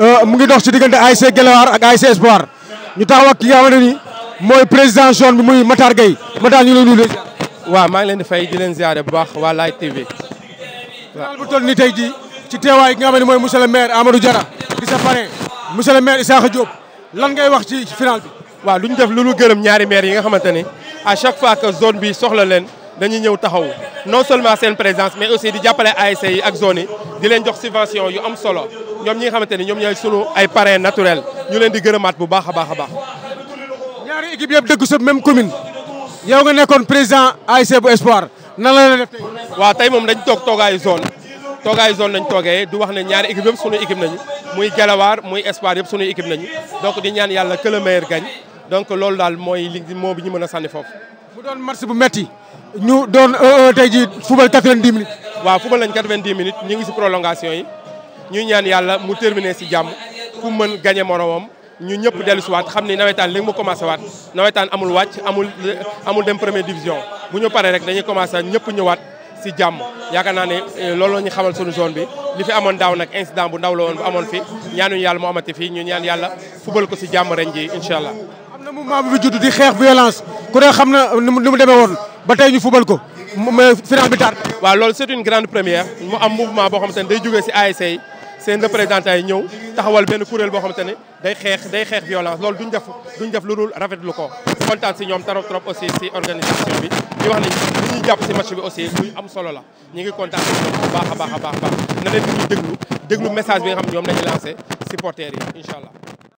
Euh, mu ngi dox si diggante ASC Guelwaar ak ASC Espoir ñu taxaw ak ki nga xamante mooy président zone bi muy Matar Gueye Matar ñu ngi lay nuyu. waaw maa ngi leen di fay di leen ziare bu baax waa Live TV. waaw bu toll nii tey jii ci teewaay ki nga xam ne mooy monsieur le maire Amadou Diarra di sa pare monsieur le maire Issakha Diop lan ngay wax ci final bi. waaw lu ñu def lu lu gërëm ñaari maire yi nga xamante ni à chaque fois que zone bi soxla leen dañuy ñëw taxaw non seulement seen présence mais aussi di jàppale ASC yi ak yi di leen jox yu am solo. ñoom ñi nga xamante ni ñoom ñooy sunu ay parrain naturel ñu leen di gërëmaat bu baax a baax a baax. ñaari équipe yëpp dëkk sa même commune. yow nga nekkoon président ASC bu Espoir na la la def tey. waaw tey moom dañ toog toogaayu zone. toogaayu zone nañ toogee du wax ne ñaari équipe yëpp sunu équipe nañu muy Gelawaar muy Espoir yëpp sunu équipe nañu donc di ñaan yàlla que le meilleur lool daal mooy li moo bi ñu mën a sànni foofu. mu doon match bu metti ñu doon tey jii a 90 minutes. waaw football lañ 90 minutes ñu ngi si prolongation yi. ñu ñaan yàlla mu terminer si jàmm ku mën gagné moromam ñu ñëpp dellu si waat xam ni nawetaan léegi mu commencé waat nawetaan amul wàcc amul dem première division bu ñu paree rek dañuy commencé ñëpp waat si jàmm yaakaar naa ne euh, loolu ñu xamal sunu zone bi li fi amoon daaw nag incident bu ndaw la woon bu amoon fi ñaanuñu yàlla mu amati fii ñu ñaan yàlla fubal si jàmm ren ji incha allah. am na mouvement bu fi judd di xam na ni mu demee woon ba tey ñu fubal ko mais final bi tardé. waaw loolu c'est une grande première mu am mouvement boo xam te day jógee seen représentant yi ñëw taxawal benn kuréel boo xamante ne day xeex day xeex violence loolu duñ def duñ def lu dul lu ko kontaan si ñoom trop trop aussi si organisation bi di wax ni ñuy jàpp si match bi aussi luy am solo la ñu ngi kontaan si ñoom a baax a ñu déglu déglu message bi nga xam ñoom nañu lancé supporters yi incha allah